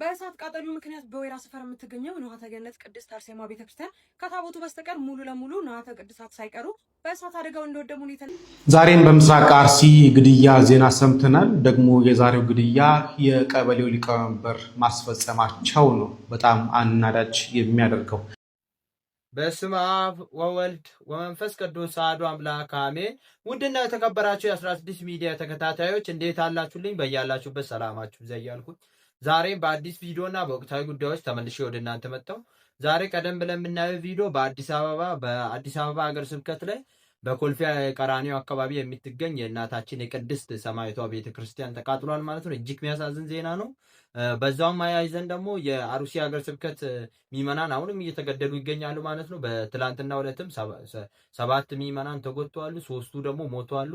በእሳት ቃጠሎ ምክንያት በወይራ ሰፈር የምትገኘው ንዋተ ገነት ቅድስት አርሴማ ቤተክርስቲያን ከታቦቱ በስተቀር ሙሉ ለሙሉ ንዋተ ቅድሳት ሳይቀሩ በእሳት አደጋው እንደወደሙ ሁኔታ። ዛሬን በምስራቅ አርሲ ግድያ ዜና ሰምተናል። ደግሞ የዛሬው ግድያ የቀበሌው ሊቀመንበር ማስፈጸማቸው ነው በጣም አናዳጅ የሚያደርገው። በስም አብ ወወልድ ወመንፈስ ቅዱስ አሐዱ አምላክ አሜን። ውድና የተከበራችሁ የ16 ሚዲያ ተከታታዮች እንዴት አላችሁልኝ? በያላችሁበት ሰላማችሁ ይብዛ ዛሬም በአዲስ ቪዲዮ እና በወቅታዊ ጉዳዮች ተመልሼ ወደ እናንተ መጥተው ዛሬ ቀደም ብለን የምናየው ቪዲዮ በአዲስ አበባ በአዲስ አበባ ሀገር ስብከት ላይ በኮልፌ ቀራኒው አካባቢ የምትገኝ የእናታችን የቅድስት ሰማዕቷ ቤተክርስቲያን ተቃጥሏል ማለት ነው። እጅግ የሚያሳዝን ዜና ነው። በዛውም አያይዘን ደግሞ የአሩሲ ሀገር ስብከት ሚመናን አሁንም እየተገደሉ ይገኛሉ ማለት ነው። በትላንትና ሁለትም ሰባት ሚመናን ተጎድተዋል፣ ሶስቱ ደግሞ ሞተዋል፣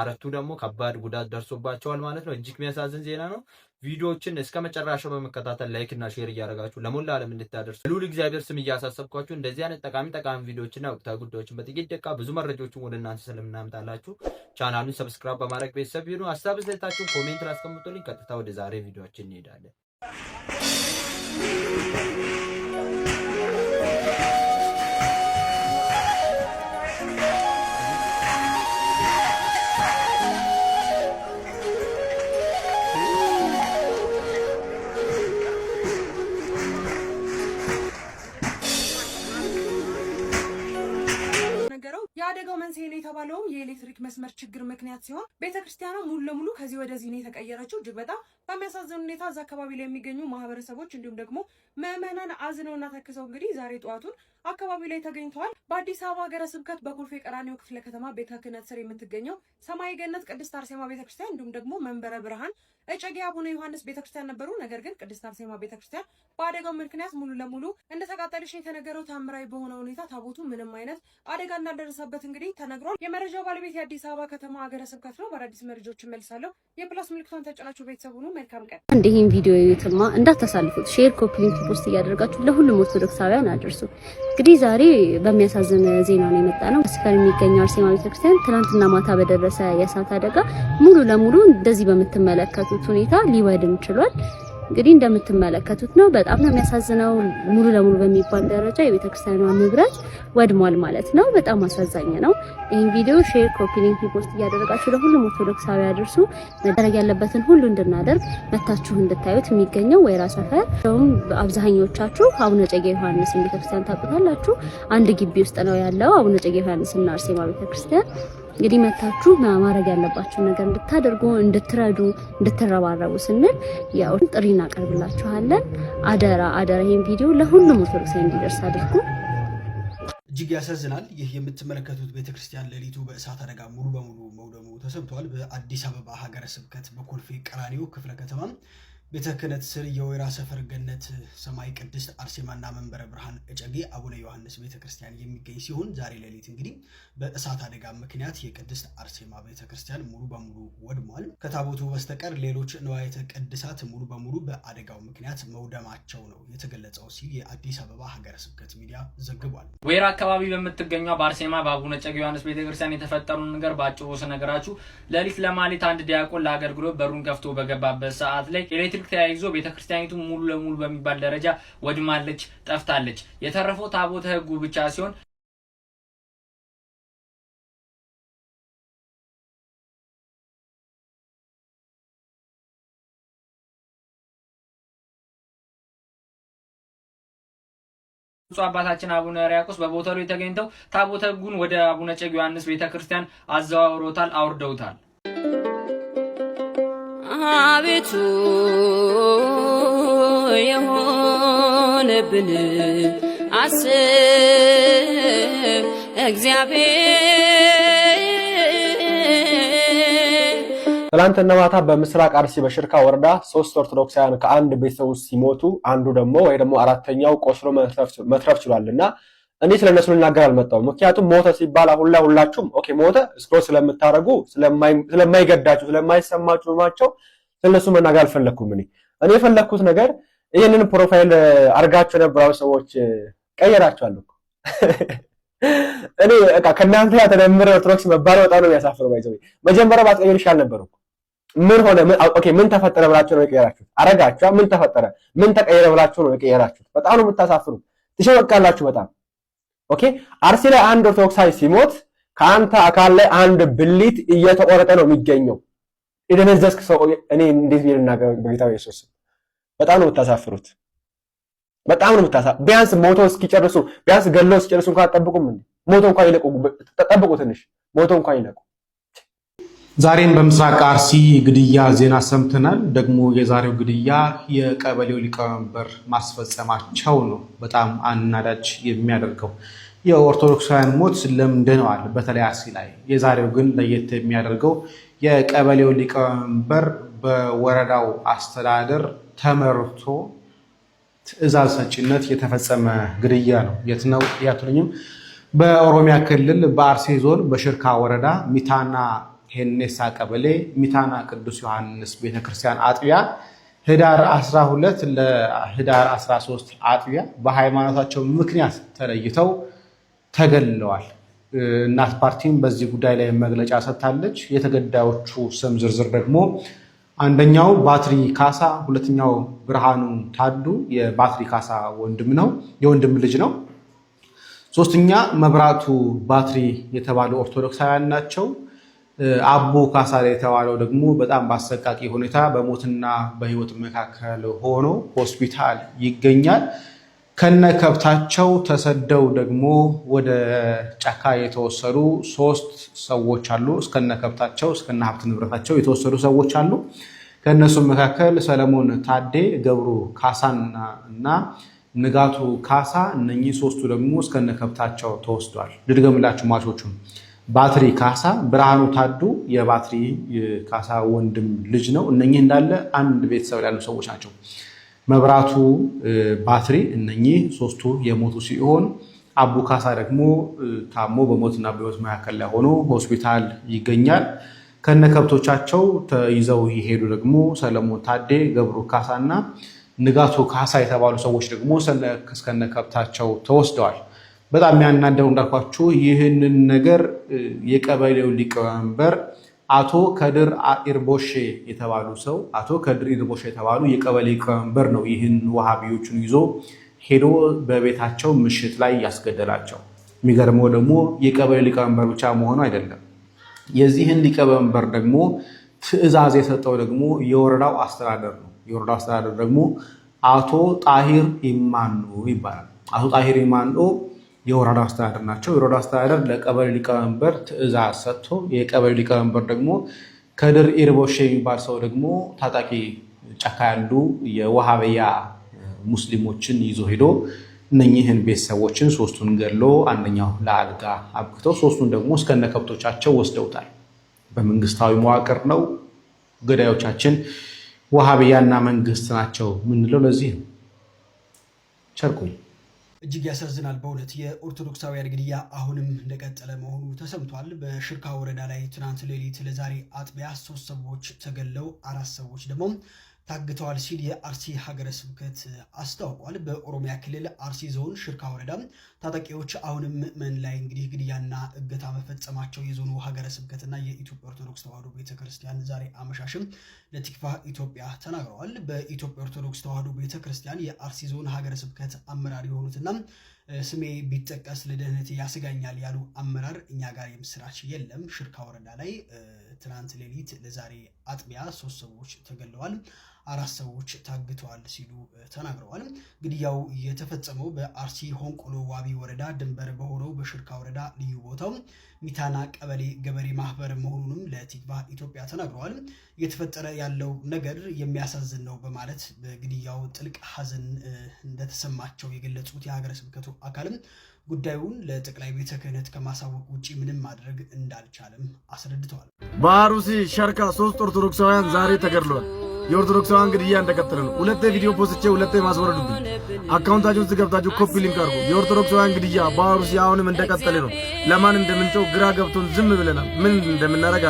አረቱ ደግሞ ከባድ ጉዳት ደርሶባቸዋል ማለት ነው። እጅግ የሚያሳዝን ዜና ነው። ቪዲዮዎችን እስከ መጨረሻው በመከታተል ላይክ እና ሼር እያደረጋችሁ ለሞላ ዓለም እንድታደርሱ ሉል እግዚአብሔር ስም እያሳሰብኳችሁ እንደዚህ አይነት ጠቃሚ ጠቃሚ ቪዲዮዎችና ወቅታዊ ጉዳዮችን በጥቂት ደቃ ብዙ መረጃዎችን ወደ እናንተ ስለምናምጣላችሁ ቻናሉን ሰብስክራይብ በማድረግ ቤተሰብ ይሁኑ። ሀሳብ ስሌታችሁን ኮሜንት ላስቀምጡልኝ። ቀጥታ ወደ ዛሬ ቪዲዮችን እንሄዳለን። ઈરાદે የኤሌክትሪክ መስመር ችግር ምክንያት ሲሆን ቤተ ክርስቲያኗ ሙሉ ለሙሉ ከዚህ ወደዚህ ነው የተቀየረችው። እጅግ በጣም በሚያሳዝን ሁኔታ እዛ አካባቢ ላይ የሚገኙ ማህበረሰቦች እንዲሁም ደግሞ ምዕመናን አዝነውና ተክሰው እንግዲህ ዛሬ ጠዋቱን አካባቢ ላይ ተገኝተዋል። በአዲስ አበባ ሀገረ ስብከት በኮልፌ ቀራኒዮ ክፍለ ከተማ ቤተ ክህነት ስር የምትገኘው ሰማይ ገነት ቅድስት አርሴማ ቤተክርስቲያን እንዲሁም ደግሞ መንበረ ብርሃን እጨጌ አቡነ ዮሐንስ ቤተክርስቲያን ነበሩ። ነገር ግን ቅድስት አርሴማ ቤተክርስቲያን በአደጋው ምክንያት ሙሉ ለሙሉ እንደተቃጠለች የተነገረው ታምራዊ በሆነ ሁኔታ ታቦቱ ምንም አይነት አደጋ እንዳልደረሰበት እንግዲህ ተነግሯል። የመረጃው ባለቤት የአዲስ አበባ ከተማ ሀገረ ስብከት ነው። በአዳዲስ መረጃዎች መልሳለሁ። የፕላስ ምልክቷን ተጫናችሁ ቤተሰብ ሁኑ። መልካም ቀን። እንዲህም ቪዲዮ ዩትማ እንዳታሳልፉት፣ ሼር፣ ኮፒ ፖስት እያደረጋችሁ ለሁሉም ኦርቶዶክሳውያን አድርሱ። እንግዲህ ዛሬ በሚያሳዝን ዜና ነው የመጣ ነው። ሰፈር የሚገኘው አርሴማ ቤተክርስቲያን ትናንትና ማታ በደረሰ የእሳት አደጋ ሙሉ ለሙሉ እንደዚህ በምትመለከቱት ሁኔታ ሊወድም ችሏል። እንግዲህ እንደምትመለከቱት ነው። በጣም ነው የሚያሳዝነው። ሙሉ ለሙሉ በሚባል ደረጃ የቤተክርስቲያኗ ንብረት ወድሟል ማለት ነው። በጣም አሳዛኝ ነው። ይህን ቪዲዮ ሼር፣ ኮፒ ሊንክ፣ ሪፖርት እያደረጋችሁ ለሁሉም ኦርቶዶክሳዊ አድርሱ። መደረግ ያለበትን ሁሉ እንድናደርግ መታችሁ እንድታዩት የሚገኘው ወይራ ሰፈር እንደውም አብዛኞቻችሁ አቡነ ጨጌ ዮሐንስን ቤተክርስቲያን ታውቁታላችሁ። አንድ ግቢ ውስጥ ነው ያለው አቡነ ጨጌ ዮሐንስና አርሴማ ቤተክርስቲያን እንግዲህ መታችሁ ማድረግ ያለባችሁ ነገር እንድታደርጉ፣ እንድትረዱ፣ እንድትረባረቡ ስንል ያው ጥሪ እናቀርብላችኋለን። አደራ አደራ ይህን ቪዲዮ ለሁሉም ኦርቶዶክሳዊ እንዲደርስ አድርጉ። እጅግ ያሳዝናል። ይህ የምትመለከቱት ቤተክርስቲያን ሌሊቱ በእሳት አደጋ ሙሉ በሙሉ መውደሙ ተሰምተዋል። በአዲስ አበባ ሀገረ ስብከት በኮልፌ ቀራኒዮ ክፍለ ከተማ ቤተ ክህነት ስር የወይራ ሰፈር ገነት ሰማይ ቅድስት አርሴማና መንበረ ብርሃን እጨጌ አቡነ ዮሐንስ ቤተ ክርስቲያን የሚገኝ ሲሆን ዛሬ ሌሊት እንግዲህ በእሳት አደጋ ምክንያት የቅድስት አርሴማ ቤተ ክርስቲያን ሙሉ በሙሉ ወድሟል። ከታቦቱ በስተቀር ሌሎች ንዋየተ ቅድሳት ሙሉ በሙሉ በአደጋው ምክንያት መውደማቸው ነው የተገለጸው ሲል የአዲስ አበባ ሀገረ ስብከት ሚዲያ ዘግቧል። ወይራ አካባቢ በምትገኘው በአርሴማ በአቡነ እጨጌ ዮሐንስ ቤተ ክርስቲያን የተፈጠሩን ነገር በአጭሩ ስነግራችሁ ሌሊት ለማሌት አንድ ዲያቆን ለአገልግሎት በሩን ከፍቶ በገባበት ሰዓት ላይ ሽርክ ተያይዞ ቤተክርስቲያኒቱ ሙሉ ለሙሉ በሚባል ደረጃ ወድማለች፣ ጠፍታለች። የተረፈው ታቦተ ሕጉ ብቻ ሲሆን ብፁዕ አባታችን አቡነ ሪያቆስ በቦታው ላይ ተገኝተው ታቦተ ሕጉን ወደ አቡነ ጨግ ዮሐንስ ቤተክርስቲያን አዘዋውሮታል፣ አውርደውታል። አቤቱ የሆነብን አስብ እግዚአብሔር። ትላንትና ማታ በምስራቅ አርሲ በሽርካ ወረዳ ሶስት ኦርቶዶክሳውያን ከአንድ ቤተሰብ ውስጥ ሲሞቱ አንዱ ደግሞ ወይ ደግሞ አራተኛው ቆስሎ መትረፍ ችሏል እና እኔ ስለ እነሱ ልናገር አልመጣሁም። ምክንያቱም ሞተ ሲባል አሁን ላይ ሁላችሁም ኦኬ ሞተ ስክሮ ስለምታደርጉ ስለማይገዳችሁ ስለማይሰማችሁ ማቸው ስለነሱ መናገር አልፈለግኩም። እኔ እኔ የፈለግኩት ነገር ይህንን ፕሮፋይል አድርጋችሁ የነበራው ሰዎች ቀየራችኋለሁ። እኔ በቃ ከእናንተ ጋር ተደምር ኦርቶዶክስ መባል በጣም ነው የሚያሳፍረው። ባይዘ መጀመሪያ ባትቀይር ይሻል ነበሩ። ምን ሆነ? ኦኬ ምን ተፈጠረ ብላችሁ ነው የቀየራችሁት? አረጋችሁ። ምን ተፈጠረ? ምን ተቀየረ ብላችሁ ነው የቀየራችሁት? በጣም ነው የምታሳፍሩት። ትሸወቃላችሁ በጣም ኦኬ። አርሲ ላይ አንድ ኦርቶዶክሳዊ ሲሞት ከአንተ አካል ላይ አንድ ብሊት እየተቆረጠ ነው የሚገኘው። የደነዘዝክ ሰው እኔ እንዴት ብዬ ልናገር? በጌታ ኢየሱስ በጣም ነው የምታሳፍሩት። በጣም ነው የምታሳ ቢያንስ ሞቶ እስኪጨርሱ ቢያንስ ገሎ እስኪጨርሱ እንኳን አጠብቁም ሞቶ እንኳን ይለቁ፣ ጠብቁ ትንሽ ሞቶ እንኳን ይለቁ። ዛሬም በምስራቅ አርሲ ግድያ ዜና ሰምተናል። ደግሞ የዛሬው ግድያ የቀበሌው ሊቀመንበር ማስፈጸማቸው ነው በጣም አናዳጅ የሚያደርገው። የኦርቶዶክሳውያን ሞት ለምደነዋል፣ በተለይ አርሲ ላይ። የዛሬው ግን ለየት የሚያደርገው የቀበሌው ሊቀመንበር በወረዳው አስተዳደር ተመርቶ ትዕዛዝ ሰጪነት የተፈጸመ ግድያ ነው። የት ነው ያትሉኝም? በኦሮሚያ ክልል በአርሲ ዞን በሽርካ ወረዳ ሚታና ሄኔሳ ቀበሌ ሚታና ቅዱስ ዮሐንስ ቤተክርስቲያን አጥቢያ ህዳር 12 ለህዳር 13 አጥቢያ በሃይማኖታቸው ምክንያት ተለይተው ተገልለዋል እናት ፓርቲም በዚህ ጉዳይ ላይ መግለጫ ሰጥታለች። የተገዳዮቹ ስም ዝርዝር ደግሞ አንደኛው ባትሪ ካሳ፣ ሁለተኛው ብርሃኑ ታዱ የባትሪ ካሳ ወንድም ነው የወንድም ልጅ ነው። ሶስተኛ መብራቱ ባትሪ የተባሉ ኦርቶዶክሳውያን ናቸው። አቦ ካሳ የተባለው ደግሞ በጣም በአሰቃቂ ሁኔታ በሞትና በሕይወት መካከል ሆኖ ሆስፒታል ይገኛል። ከነ ከብታቸው ተሰደው ደግሞ ወደ ጫካ የተወሰዱ ሶስት ሰዎች አሉ። እስከነ ከብታቸው እስከነ ሀብት ንብረታቸው የተወሰዱ ሰዎች አሉ። ከእነሱ መካከል ሰለሞን ታዴ፣ ገብሩ ካሳ እና ንጋቱ ካሳ እነኚህ ሶስቱ ደግሞ እስከነ ከብታቸው ተወስዷል። ልድገምላችሁ ማቾቹን ባትሪ ካሳ፣ ብርሃኑ ታዱ የባትሪ ካሳ ወንድም ልጅ ነው። እነኚህ እንዳለ አንድ ቤተሰብ ያሉ ሰዎች ናቸው። መብራቱ ባትሪ እነኚህ ሶስቱ የሞቱ ሲሆን አቡ ካሳ ደግሞ ታሞ በሞትና በሕይወት መካከል ላይ ሆኖ ሆስፒታል ይገኛል። ከነ ከብቶቻቸው ተይዘው የሄዱ ደግሞ ሰለሞን ታዴ፣ ገብሩ ካሳ እና ንጋቱ ካሳ የተባሉ ሰዎች ደግሞ እስከነ ከብታቸው ተወስደዋል። በጣም ያናደሩ እንዳልኳችሁ ይህንን ነገር የቀበሌው ሊቀመንበር አቶ ከድር ኢርቦሼ የተባሉ ሰው አቶ ከድር ኢርቦሼ የተባሉ የቀበሌ ሊቀመንበር ነው ይህን ውሃቢዎቹን ይዞ ሄዶ በቤታቸው ምሽት ላይ ያስገደላቸው። የሚገርመው ደግሞ የቀበሌ ሊቀመንበር ብቻ መሆኑ አይደለም። የዚህን ሊቀመንበር ደግሞ ትዕዛዝ የሰጠው ደግሞ የወረዳው አስተዳደር ነው። የወረዳው አስተዳደር ደግሞ አቶ ጣሂር ኢማኖ ይባላል። አቶ ጣሂር ኢማኖ የወረዳ አስተዳደር ናቸው። የወረዳ አስተዳደር ለቀበሌ ሊቀመንበር ትዕዛዝ ሰጥቶ የቀበሌ ሊቀመንበር ደግሞ ከድር ኢርቦሽ የሚባል ሰው ደግሞ ታጣቂ ጫካ ያሉ የወሃብያ ሙስሊሞችን ይዞ ሄዶ እነኚህን ቤተሰቦችን ሶስቱን ገድሎ አንደኛው ለአልጋ አብክተው ሶስቱን ደግሞ እስከነ ከብቶቻቸው ወስደውታል። በመንግስታዊ መዋቅር ነው። ገዳዮቻችን ዋሃብያና መንግስት ናቸው ምንለው ለዚህ ነው። ቸርኩኝ እጅግ ያሳዝናል በእውነት የኦርቶዶክሳውያን ግድያ አሁንም እንደቀጠለ መሆኑ ተሰምቷል። በሽርካ ወረዳ ላይ ትናንት ሌሊት ለዛሬ አጥቢያ ሶስት ሰዎች ተገለው አራት ሰዎች ደግሞ ታግተዋል ሲል የአርሲ ሀገረ ስብከት አስታውቋል። በኦሮሚያ ክልል አርሲ ዞን ሽርካ ወረዳ ታጣቂዎች አሁንም ምዕመን ላይ እንግዲህ ግድያና እገታ መፈጸማቸው የዞኑ ሀገረ ስብከትና የኢትዮጵያ ኦርቶዶክስ ተዋሕዶ ቤተክርስቲያን ዛሬ አመሻሽም ለቲክፋ ኢትዮጵያ ተናግረዋል። በኢትዮጵያ ኦርቶዶክስ ተዋሕዶ ቤተክርስቲያን የአርሲ ዞን ሀገረ ስብከት አመራር የሆኑትና ስሜ ቢጠቀስ ለደህንነት ያስጋኛል ያሉ አመራር እኛ ጋር የምስራች የለም። ሽርካ ወረዳ ላይ ትናንት ሌሊት ለዛሬ አጥቢያ ሶስት ሰዎች ተገለዋል። አራት ሰዎች ታግተዋል ሲሉ ተናግረዋል። ግድያው የተፈጸመው በአርሲ ሆንቆሎ ዋቢ ወረዳ ድንበር በሆነው በሽርካ ወረዳ ልዩ ቦታው ሚታና ቀበሌ ገበሬ ማህበር መሆኑንም ለቲክባ ኢትዮጵያ ተናግረዋል። እየተፈጠረ ያለው ነገር የሚያሳዝን ነው በማለት በግድያው ጥልቅ ሐዘን እንደተሰማቸው የገለጹት የሀገረ ስብከቱ አካልም ጉዳዩን ለጠቅላይ ቤተ ክህነት ከማሳወቅ ውጭ ምንም ማድረግ እንዳልቻለም አስረድተዋል። በአሩሲ ሸርካ ሶስት ኦርቶዶክሳውያን ዛሬ ተገድሏል። የኦርቶዶክስ የልጇን ግድያ እንደቀጠለ ነው። ሁለቴ ቪዲዮ ፖስቼ ሁለቴ ማስወረዱብኝ። አካውንታችሁን ውስጥ ገብታችሁ ኮፒ ሊንክ አድርጉ። የኦርቶዶክሳውያን ግድያ በሩሲያ አሁንም እንደቀጠለ ነው። ለማን እንደምንጨው ግራ ገብቶን ዝም ብለናል። ምን እንደምናደርግ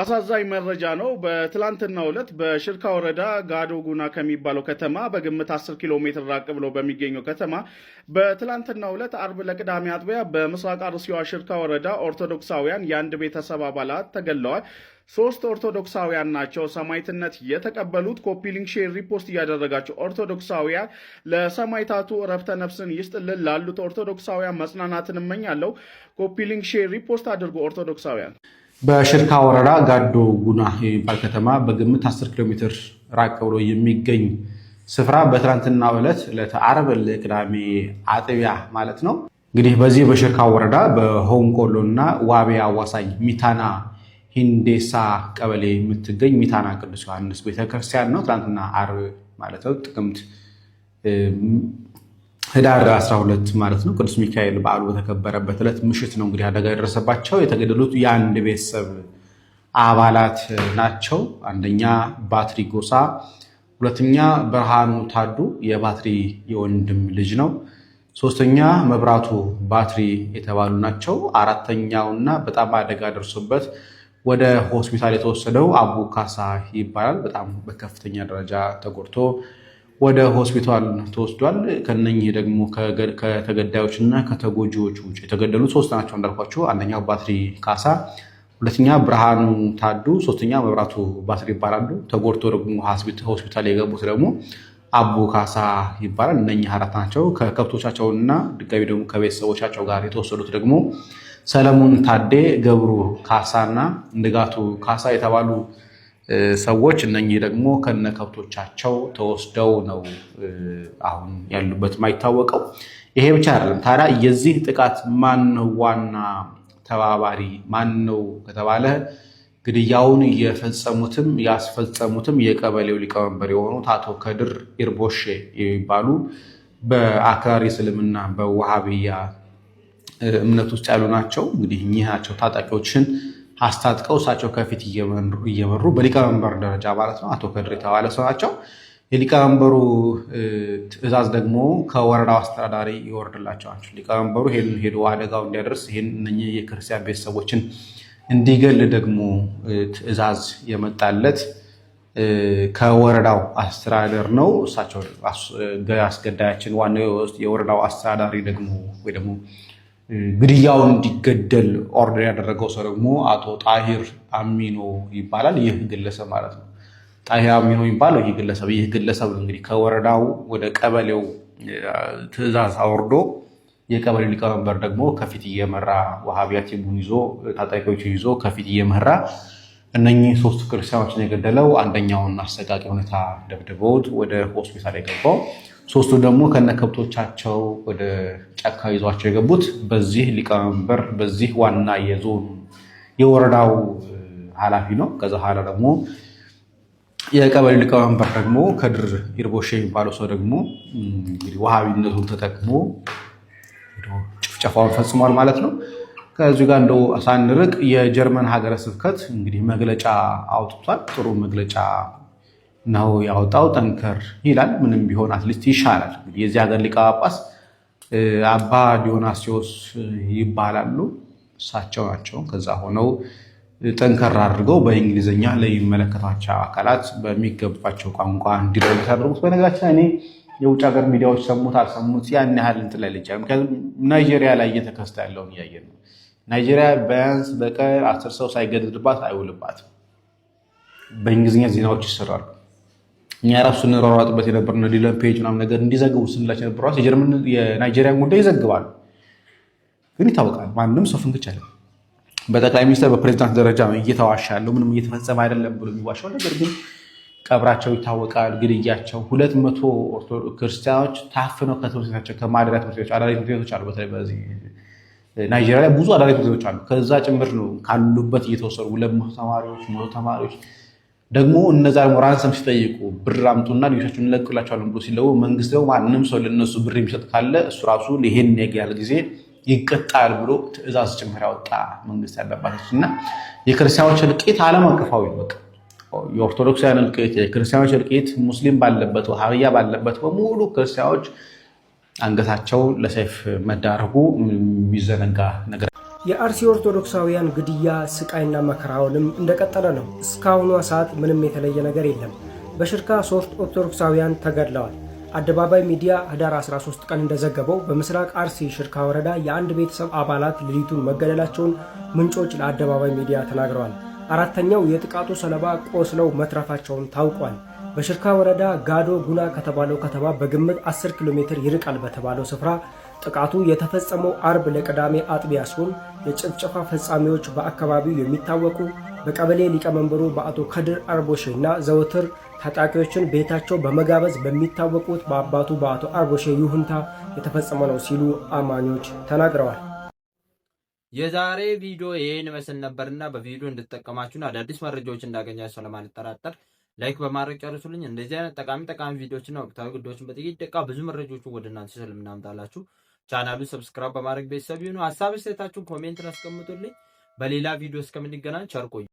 አሳዛኝ መረጃ ነው። በትላንትና ዕለት በሽርካ ወረዳ ጋዶ ጉና ከሚባለው ከተማ በግምት 10 ኪሎ ሜትር ራቅ ብሎ በሚገኘው ከተማ በትላንትና ዕለት አርብ ለቅዳሜ አጥቢያ በምስራቅ አርሲዋ ሽርካ ወረዳ ኦርቶዶክሳውያን የአንድ ቤተሰብ አባላት ተገለዋል። ሶስት ኦርቶዶክሳውያን ናቸው ሰማይትነት የተቀበሉት። ኮፒሊንግ ሼር ሪፖስት እያደረጋቸው ኦርቶዶክሳውያን ለሰማይታቱ ረፍተ ነፍስን ይስጥልን። ላሉት ኦርቶዶክሳውያን መጽናናትን እመኛለሁ። ኮፒሊንግ ሼር ሪፖስት አድርጎ ኦርቶዶክሳውያን በሽርካ ወረዳ ጋዶ ጉና የሚባል ከተማ በግምት 10 ኪሎ ሜትር ራቅ ብሎ የሚገኝ ስፍራ በትናንትና ዕለት ለተአረብ ለቅዳሜ አጥቢያ ማለት ነው እንግዲህ በዚህ በሽርካ ወረዳ በሆንቆሎ እና ዋቤ አዋሳኝ ሚታና ሂንዴሳ ቀበሌ የምትገኝ ሚታና ቅዱስ ዮሐንስ ቤተክርስቲያን ነው። ትናንትና ዓርብ ማለት ነው ጥቅምት ህዳር 12 ማለት ነው ቅዱስ ሚካኤል በዓሉ በተከበረበት ዕለት ምሽት ነው እንግዲህ አደጋ የደረሰባቸው የተገደሉት የአንድ ቤተሰብ አባላት ናቸው። አንደኛ ባትሪ ጎሳ፣ ሁለተኛ ብርሃኑ ታዱ የባትሪ የወንድም ልጅ ነው። ሶስተኛ መብራቱ ባትሪ የተባሉ ናቸው። አራተኛውና በጣም አደጋ ደርሶበት ወደ ሆስፒታል የተወሰደው አቡ ካሳ ይባላል። በጣም በከፍተኛ ደረጃ ተጎድቶ ወደ ሆስፒታል ተወስዷል። ከነኚህ ደግሞ ከተገዳዮች እና ከተጎጂዎች ውጭ የተገደሉ ሶስት ናቸው እንዳልኳቸው፣ አንደኛው ባትሪ ካሳ፣ ሁለተኛ ብርሃኑ ታዱ፣ ሶስተኛ መብራቱ ባትሪ ይባላሉ። ተጎድቶ ደግሞ ሆስፒታል የገቡት ደግሞ አቡ ካሳ ይባላል። እነኚህ አራት ናቸው። ከከብቶቻቸውና ድጋሚ ደግሞ ከቤተሰቦቻቸው ጋር የተወሰዱት ደግሞ ሰለሞን ታዴ፣ ገብሩ ካሳና ንጋቱ ካሳ የተባሉ ሰዎች እነኚህ ደግሞ ከነ ከብቶቻቸው ተወስደው ነው አሁን ያሉበት የማይታወቀው። ይሄ ብቻ አይደለም ታዲያ የዚህ ጥቃት ማን ነው ዋና ተባባሪ ማን ነው ከተባለ ግድያውን የፈጸሙትም ያስፈጸሙትም የቀበሌው ሊቀመንበር የሆኑት አቶ ከድር ኢርቦሼ የሚባሉ በአክራሪ እስልምና በውሃብያ እምነት ውስጥ ያሉ ናቸው። እንግዲህ እኚህ ናቸው ታጣቂዎችን አስታጥቀው እሳቸው ከፊት እየመሩ በሊቀመንበር ደረጃ ማለት ነው። አቶ ከድር የተባለ ሰው ናቸው። የሊቀመንበሩ ትዕዛዝ ደግሞ ከወረዳው አስተዳዳሪ ይወርድላቸዋል። ሊቀመንበሩ ይሄን ሄዶ አደጋው እንዲያደርስ ይህን የክርስቲያን ቤተሰቦችን እንዲገል ደግሞ ትዕዛዝ የመጣለት ከወረዳው አስተዳደር ነው። እሳቸው አስገዳያችን ዋና የወረዳው አስተዳዳሪ ደግሞ ወይ ደግሞ ግድያውን እንዲገደል ኦርደር ያደረገው ሰው ደግሞ አቶ ጣሂር አሚኖ ይባላል። ይህ ግለሰብ ማለት ነው። ጣሂር አሚኖ ይባለው ይህ ግለሰብ ይህ ግለሰብ እንግዲህ ከወረዳው ወደ ቀበሌው ትዕዛዝ አውርዶ የቀበሌው ሊቀመንበር ደግሞ ከፊት እየመራ ዋሃቢያት ቡን ይዞ ታጣቂዎችን ይዞ ከፊት እየመራ እነኚህ ሶስቱ ክርስቲያኖችን የገደለው አንደኛውን አሰቃቂ ሁኔታ ደብድበውት ወደ ሆስፒታል የገባው ሶስቱ ደግሞ ከነከብቶቻቸው ወደ ጫካ ይዟቸው የገቡት በዚህ ሊቀመንበር በዚህ ዋና የዞኑ የወረዳው ኃላፊ ነው። ከዛ ኋላ ደግሞ የቀበሌ ሊቀመንበር ደግሞ ከድር ሂርቦሼ የሚባለው ሰው ደግሞ እንግዲህ ውሃቢነቱን ተጠቅሞ ጭፍጨፋውን ፈጽሟል ማለት ነው። ከዚህ ጋር እንደው ሳንርቅ የጀርመን ሀገረ ስብከት እንግዲህ መግለጫ አውጥቷል። ጥሩ መግለጫ ነው ያውጣው ጠንከር ይላል። ምንም ቢሆን አትሊስት ይሻላል። እንግዲህ የዚህ ሀገር ሊቀ ጳጳስ አባ ዲዮናስዮስ ይባላሉ። እሳቸው ናቸው። ከዛ ሆነው ጠንከር አድርገው በእንግሊዝኛ ለሚመለከታቸው አካላት በሚገባቸው ቋንቋ እንዲረዱ ያደርጉት። በነገራችን እኔ የውጭ ሀገር ሚዲያዎች ሰሙት አልሰሙት ያን ያህል እንትን ላይ ልጃ ምክንያቱም ናይጄሪያ ላይ እየተከሰተ ያለውን እያየን ነው። ናይጄሪያ ቢያንስ በቀን አስር ሰው ሳይገደልባት አይውልባትም። በእንግሊዝኛ ዜናዎች ይሰራሉ። እኛ ራሱ ስንሯሯጥበት የነበርነ ሌለን ፔጅ ምናምን ነገር እንዲዘግቡ ስንላቸው የነበረ የጀርመን የናይጄሪያን ጉዳይ ይዘግባሉ። ግን ይታወቃል፣ ማንም ሰው ፍንክች አለ። በጠቅላይ ሚኒስትር በፕሬዚዳንት ደረጃ እየተዋሻ ያለው ምንም እየተፈጸመ አይደለም ብሎ የሚዋሻው ነገር ግን ቀብራቸው ይታወቃል። ግድያቸው ሁለት መቶ ክርስቲያኖች ታፍነው ከትምህርት ቤታቸው ከማደሪያ ትምህርት ቤቶች አዳሪ ትምህርት ቤቶች አሉ። በተለይ በዚህ ናይጄሪያ ላይ ብዙ አዳሪ ትምህርት ቤቶች አሉ። ከዛ ጭምር ነው ካሉበት እየተወሰዱ ሁለት መቶ ተማሪዎች መቶ ተማሪዎች ደግሞ እነዛ ደግሞ ራንሰም ሲጠይቁ ብር አምጡና ልጆቻችሁን እንለቅላቸዋለን ብሎ ሲለው መንግስት ደግሞ ማንም ሰው ለነሱ ብር የሚሰጥ ካለ እሱ ራሱ ይሄን ያህል ጊዜ ይቀጣል ብሎ ትእዛዝ ጭምር ያወጣ መንግስት ያለባቶች እና የክርስቲያኖች እልቂት ዓለም አቀፋዊ በቃ የኦርቶዶክሳውያን እልቂት፣ የክርስቲያኖች እልቂት ሙስሊም ባለበት ሀብያ ባለበት በሙሉ ክርስቲያኖች አንገታቸው ለሰይፍ መዳረጉ የሚዘነጋ ነገር የአርሲ ኦርቶዶክሳውያን ግድያ ስቃይና መከራውንም እንደቀጠለ ነው። እስካሁኗ ሰዓት ምንም የተለየ ነገር የለም። በሽርካ ሶስት ኦርቶዶክሳውያን ተገድለዋል። አደባባይ ሚዲያ ህዳር 13 ቀን እንደዘገበው በምስራቅ አርሲ ሽርካ ወረዳ የአንድ ቤተሰብ አባላት ሌሊቱን መገደላቸውን ምንጮች ለአደባባይ ሚዲያ ተናግረዋል። አራተኛው የጥቃቱ ሰለባ ቆስለው መትረፋቸውን ታውቋል። በሽርካ ወረዳ ጋዶ ጉና ከተባለው ከተማ በግምት 10 ኪሎ ሜትር ይርቃል በተባለው ስፍራ ጥቃቱ የተፈጸመው አርብ ለቅዳሜ አጥቢያ ሲሆን የጭፍጨፋ ፈጻሚዎች በአካባቢው የሚታወቁ በቀበሌ ሊቀመንበሩ በአቶ ከድር አርቦሼ እና ዘወትር ታጣቂዎችን ቤታቸው በመጋበዝ በሚታወቁት በአባቱ በአቶ አርቦሼ ይሁንታ የተፈጸመ ነው ሲሉ አማኞች ተናግረዋል። የዛሬ ቪዲዮ ይህን መስል ነበርና በቪዲዮ እንድጠቀማችሁን አዳዲስ መረጃዎች እንዳገኛችሁ ስለማልጠራጠር ላይክ በማድረግ ጨርሱልኝ። እንደዚህ አይነት ጠቃሚ ጠቃሚ ቪዲዮዎችና ወቅታዊ ጉዳዮችን በጥቂት ደቂቃ ብዙ መረጃዎችን ወደ እናንተ ስለምናምጣላችሁ ቻናሉን ሰብስክራይብ በማድረግ ቤተሰብ ይሁኑ። ሀሳብ ስሌታችሁን ኮሜንት አስቀምጡልኝ። በሌላ ቪዲዮ እስከምንገናኝ ቸር ቆዩ።